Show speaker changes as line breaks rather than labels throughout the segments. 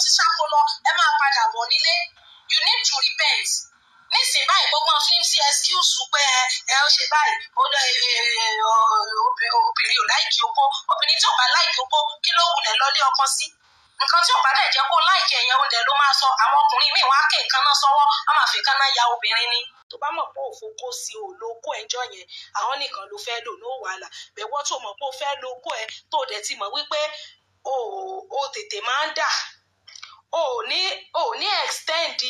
ti sáko lọ ẹ máa padà bọ̀ nílé you need to repent nísìnyí báyìí gbogbo fi ń ṣe excuse pé ẹ ó ṣe báyìí ó lọ obìnrin ò láìkí oko obìnrin tí ò bá láìkí oko kí ló wulẹ̀ lọ́lé ọkọ sí nǹkan tí ò bá dẹ̀ jẹ́ kó láìkí ẹ̀yẹ oúnjẹ ló máa sọ àwọn ọkùnrin míì wá ké nǹkan náà sọ́wọ́ wọ́n máa fi kánná ya obìnrin ni. tó bá mọ̀ pé òfo kó sí o lo kó ẹjọ́ yẹn àwọn nìkan ló fẹ́ lò ní wàhálà bẹ̀wọ́ tó mọ̀ pé o fẹ́ lo kó ẹ tó dẹ̀ ti mọ̀ wípé o tètè máa ń dà o ò ní o ò ní extend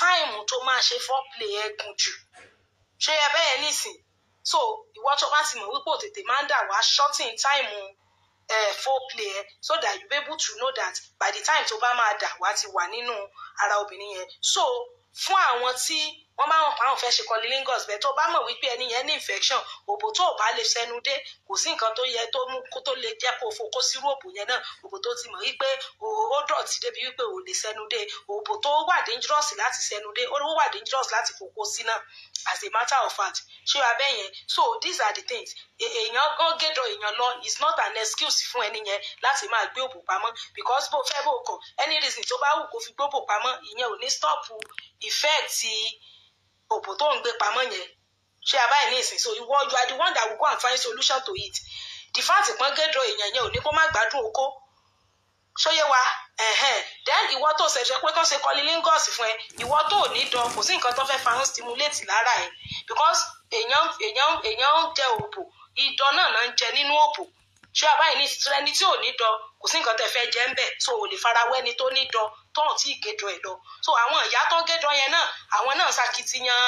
time tó máa ṣe foreplay ẹ gùn jù ṣé ẹ bẹ́ẹ̀ nísìn so ìwọ tó bá ti mọ̀ wípé o tètè máa ń dà wá shorten time uh, foreplay ẹ so that you be able to know that by the time tó bá máa dà wá ti wà nínú ara obìnrin yẹn so fún àwọn tí wọ́n máa ń pa àwọn fẹ́ ṣe cunnilingus bẹ́ẹ̀ tó bá mọ̀ wípé ẹni yẹn ní infection òbò tó bá lè sẹ́nu dé kò sí nǹkan tó yẹ tó mú kó tó lè jẹ́ kó fokó sírú òbò yẹn náà òbò tó ti mọ̀ wípé ó dọ̀tí débi wípé ò lè sẹ́nu dé òbò tó wà dangerous láti sẹ́nu dé ó wà dangerous láti fokó sí náà as a matter of fact ṣé wàá bẹ́ẹ̀ yẹn so these are the things e, èèyàn gan gẹ́dọ̀ èèyàn lọ is not an excuse fún ẹni yẹn láti máa gbé òbò pamọ́ because bó fẹ́ bó kọ̀ any reason tó bá wù kó fi gbóbò pamọ́ ìyẹn ò ní stop effect òbò tó ń gbé pamọ́ yẹn ṣé abáyé ní ìsìn so ìwọ you are the one that will go and find solution to it the fact pọ́n gẹ́dọ̀ èèyàn yẹn ò ní kó má gbádùn oko ṣóyé wa then ìwọ tó ṣẹ̀ṣẹ̀ pé kán ṣe kọ́lí lingos fún ẹ ìwọ tó ò ní dán kò sí nǹkan tó fẹ́ fàánù stimulate lára ẹ because èèyàn èèyàn èèyàn ń jẹ òbò ìdán náà náà ń jẹ nínú òbò ṣé abáyé ní ìsìn ẹni tí ò ní dán kò sí nǹkan tẹ́ fẹ́ jẹ ń bẹ̀ so ò lè farawẹ́ni tó ní dán tọ́ọ̀ tí ìgédọ̀ ẹ̀ so àwọn ìyá tó gédọ̀ yẹn náà àwọn náà ṣàkitiyan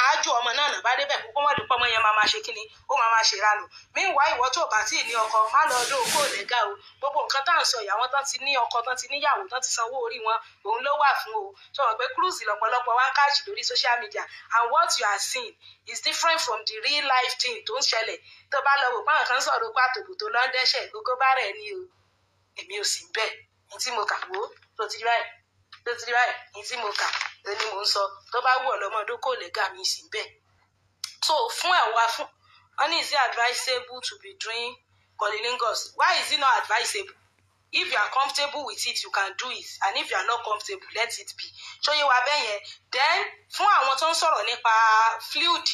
àájò ọmọ náà nàbá débẹ̀ kó wọ́n lè pọ́nmọ́ yẹn máa máa ṣe kíni ó máa máa ṣe ìranù meanwhile ìwọ tó bá tí ì ní ọkọ má lọ ọdún ogún òní ga o gbogbo nǹkan tá à ń sọ ìyàwó tán ti ní ọkọ tán ti níyàwó tán ti sanwó orí wọn òun ló wà fún o sọ̀rọ̀ pé cruise lọ́pọ̀lọpọ̀ wá káàkiri lórí social media and what you are seeing is different from the real life thing tó ń ṣẹlẹ̀ tó bá lọ wò pé àwọn kan sọ̀rọ̀ pé àtòkù tó lọ́ndẹ́ṣẹ̀ gbogbo bá rẹ̀ ni o èmi ò sì bẹ́ẹ̀ ní mo kà wò tó ti rí báyìí tó ti rí báyìí ní tí mo kà ni mo ń sọ tó bá wù ọ́ lọ́mọ dókòlégà mi sí bẹ́ẹ̀ so fún ẹ̀ wá fún honey is it advisable to be doing cunnilingus why is it not advisable if you are comfortable with it you can do it and if you are not comfortable let it be ṣóyè wa bẹ́ẹ̀ yẹn then fún àwọn tó ń sọ̀rọ̀ nípa fluid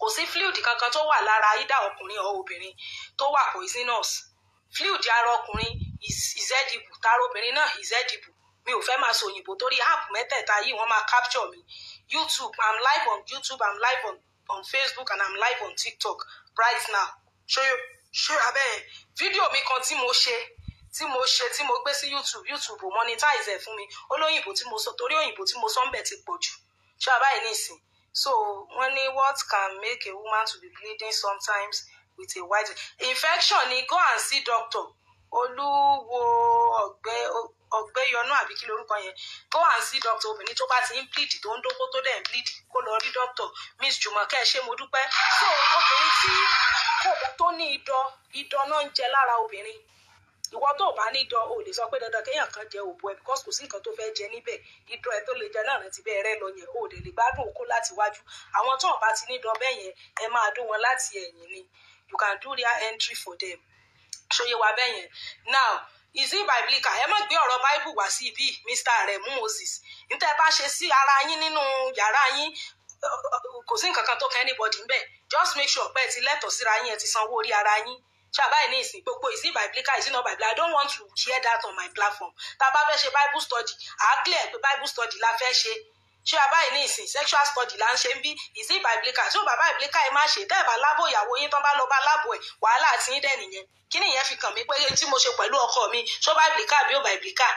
kò sí fluid kankan tó wà lára ìdá ọkùnrin or obìnrin tó wà poisonous fluid ara ọkùnrin ìzẹ́dìbù tààrà obìnrin náà ìzẹ́dìbù mi ò fẹ́ máa sọ òyìnbó torí app mẹ́tẹ̀ẹ̀ta yìí wọ́n máa capture mi youtube i'm live on youtube i'm live on, on facebook and i'm live on tiktok right now ṣé ṣé abẹ́ fídíò mi kan tí mo ṣe tí mo ṣe tí mo gbé sí youtube youtube ò monetize ẹ̀ fún mi olóyìnbó tí mo sọ torí òyìnbó tí mo sọ ń bẹ̀ ti pọ̀ jù ṣé abáyé nìsín so wọ́n ní what can make a woman to be bleeding sometimes with a white infection ni go and see doctor olúwo ọgbẹ ọgbẹyọnú àbí kí lorúkọ yẹn kó wá sí dókítà obìnrin tó bá ti ń bleed tó ń dóko tó dẹ̀ ń bleed kó lọ rí dókítà miss jùmọ̀kẹ́ ṣé mo dúpẹ́ so obìnrin tí kò tó ní idọ idọ náà ń jẹ lára obìnrin ìwọ tó o bá ní idọ o lè sọ pé dandan kéèyàn kan jẹ òbò ẹ because kò sí nǹkan tó fẹ́ jẹ níbẹ̀ idọ ẹ tó lè jẹ náà rántí bẹ́ẹ̀ rẹ lọ yẹn o lè lè gbádùn okó láti wájú àwọn tó bá ti ní idọ bẹ́ẹ̀ yẹn ẹ máa dún wọn láti ẹ̀yìn ni you can do their entry for them ṣòye wà bẹ́ẹ̀ yẹn now is it biblical ẹ má gbé ọ̀rọ̀ bible wá sí ibi mr Aremu Moses níta ẹ bá ṣe sí ara yín nínú yàrá yín kò sí nǹkan kan tó kẹ́ anybody ńbẹ̀ just make sure pé ẹ ti lẹ́tọ̀ọ́ síra yín ẹ ti sanwó orí ara yín ṣàbáyé ní ìsìn gbogbo ìsìn biblical ìsìn náà biblical i don't want to hear that on my platform tá a bá fẹ́ ṣe bible study àá clear pé bible study la fẹ́ ṣe ṣé bàbá yìí ní ìsìn sexual study là ń ṣe ń bí ìsìn ìbà ìbílíkà tí ó bàbá ìbílíkà ẹ má ṣe tẹ́ ẹ̀ bá lábò ìyàwó yín tán bá lọ bá lábò ẹ̀ wàhálà àti yín dẹ̀ nìyẹn kí nìyẹn fi kàn mí pé tí mo ṣe pẹ̀lú ọkọ mi ṣó bá ìbílíkà bí ó bá ìbílíkà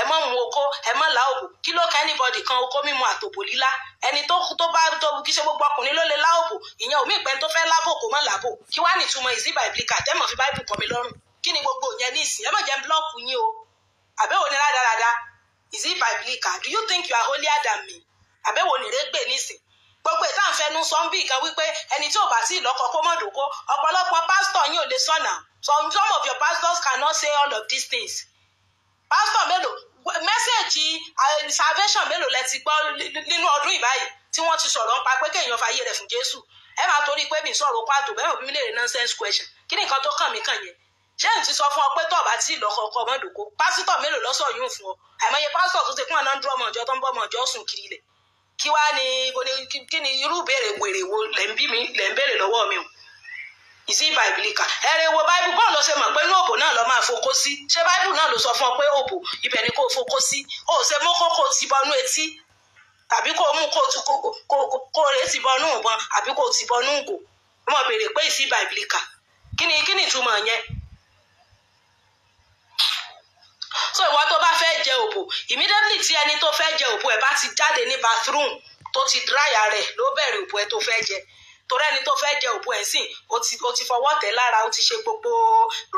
ẹ mọ mu oko ẹ mọ la òbò kí ló ka anybody kan oko mímu àtòbò lílá ẹni tó tó bá tó kí ṣe gbogbo ọkùnrin ló lè la òbò ìyẹn omi ìpẹ́ tó fẹ́ lábò kò mọ̀ làbò kí wàá nìtumọ̀ ìsìn ìbà ìbílíkà tẹ́mọ̀ fi báìbù kọ́ mi lọ́rùn kí ni gbogbo ìyẹn ní ìsìn ẹ mọ̀ jẹ́ búlọ́ọ̀kù yín o àbẹ́wò ni rádaràda is it biblical do you think you are holier than me àbẹ̀wò nìrẹ́gbè nísìn gbogbo ìta àfẹnu sọ ń bí nǹkan wípé ẹni tí ò bá sí ìlọ́kọ̀ kó mọ̀ dòkó ọ̀pọ̀lọpọ̀ pásítọ̀ yín ò lè sọ̀nà some some of your pastors cannot say all of these things pásítọ̀ mélòó mẹ́sẹ̀gì uh, salvation mélòó lẹ ti gbọ́ nínú ọdún ìbáyìí tí wọ́n ti sọ̀rọ̀ nípa pé kéèyàn fàyè rẹ̀ fún Jésù ẹ máa torí pé mi sọ̀rọ̀ pàtó bẹ́ẹ̀ bí mi lè rí nonsense question kí ni nǹkan tó kàn mí kàn yẹn James, n ti sọ fún ọ pé tó ọba tí ìlọkọ ọkọ ọmọ ìdòkó pásítọ̀ mélòó lọsọ yóò fún ọ àìmọye pásítọ̀ tó ti kún àná ń dúró ọmọ ìjọ tó ń bọ ọmọ ìjọ sùn kiri ilẹ̀ kí wàá ní kí ni irú ìbéèrè wèrè wo lẹ ń mi lẹ ń béèrè lọ́wọ́ mi o ìsí bàbílíkà ẹrẹ wo báíbù bọ́ọ̀lù ṣe mọ̀ pé inú òbò náà lọ máa fokó sí ṣé báíbù náà ló sọ fún ọ pé òbò ibẹ̀ ni kò fokó sí ó ṣe mú kókó ti bọnú etí tàbí kò mú kó rè ti bọnú ìbọn àbí kò ti bọnú ìgò wọn béèrè pé ìsí bàbílíkà kí ni kí ni ìtumọ̀ yẹn so ìwọ tó bá fẹ́ jẹ òbò immediately tí ẹni tó fẹ́ jẹ òbò ẹ̀ bá ti jáde ní bathroom tó ti dry ara ẹ̀ ló bẹ̀rẹ̀ òbò ẹ̀ tó fẹ́ jẹ torí ẹni tó fẹ́ jẹ òbò ẹ̀ sìn o ti o ti fọwọ́ tẹ̀ lára o ti ṣe gbogbo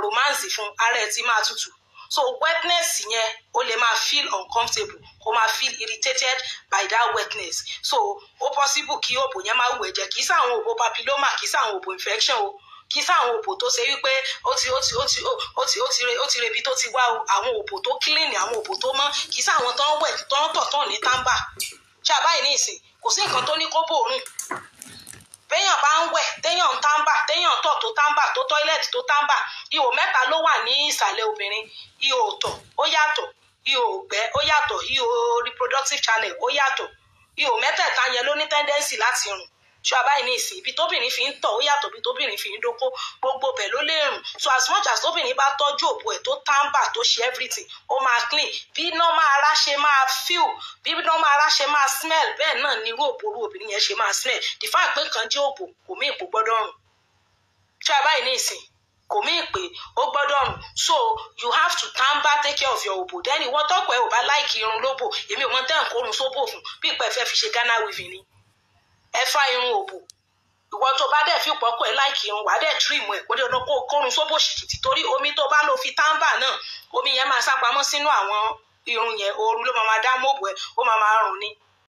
romance fún ara ẹ̀ ti máa tutù so wetness yẹn o lè máa feel uncomfortable o máa feel irritated by that wetness so o possible kí òbò yẹn máa wù ẹ́ jẹ kì í sáwọn òbò papilloma kì í sáwọn òbò infection o kì í sáwọn òpò tó ṣe wípé ó ti ó ti ó ti ó ti ó ti re ó ti rebi tó ti wá àwọn òpò tó kílìnì àwọn òpò tó mọ́ kì í sáwọn tó ń wẹ̀ tó ń tọ̀ tán ní tábà ṣàbáyé ní ìsìn kò sí nǹkan tó ní kó bòórùn téèyàn bá ń wẹ̀ téèyàn ń tábà téèyàn tọ̀ tó tábà tó tọ́ílẹ̀tì tó tábà ihò mẹ́ta ló wà ní ìsàlẹ̀ obìnrin ihò tọ̀ ó yàtọ̀ ihò ògbẹ́ ó yàtọ̀ ihò reproductive channel ó yàtọ̀ ihò mẹ́tẹ̀ẹ̀ta yẹn ló ní tẹ́ndẹ́nsì láti rùn ṣọ àbáyé ní ìsìn ibi tóbìnrin fi ń tọ̀ ó yàtọ̀ ibi tóbìnrin fi ń dóko gbogbo bẹ̀ ló lè rùn so as much as tóbìnrin bá tọ́jú òbò ẹ̀ tó tàǹbà tó ṣe everything ó máa clean bí normal ara ṣe máa feel bí normal ara ṣe máa smell bẹ́ẹ̀ náà ni irú òbò orú obìnrin yẹn ṣe máa smell the fact pé kan jẹ́ òbò kò mí ìpò gbọ́dọ̀ rùn ṣọ àbáyé ní ìsìn kò mí pé ó gbọ́dọ̀ rùn so you have to tamba take care of your òbò then ìwọ tọkọ ẹ ò bá láìkì irun lóbò èmi ò mọ tẹ́ ǹkó orun sóbò fún bí ìpẹ́ fẹ́ fi ṣe Ghana weaving ni ẹ fa irun òbò ìwọ tó bá dẹ̀ fi pọ́kọ ẹ láìkì irun wàá dẹ̀ tírìmù ẹ̀ kó dé ọdún kó kórun sóbò ṣìkìtì torí omi tó bá lò fi táǹbà náà omi yẹn máa sápamọ́ sínú àwọn irun yẹn ooru ló máa máa dá mọ́ọ̀bù ẹ ó máa máa rùn ni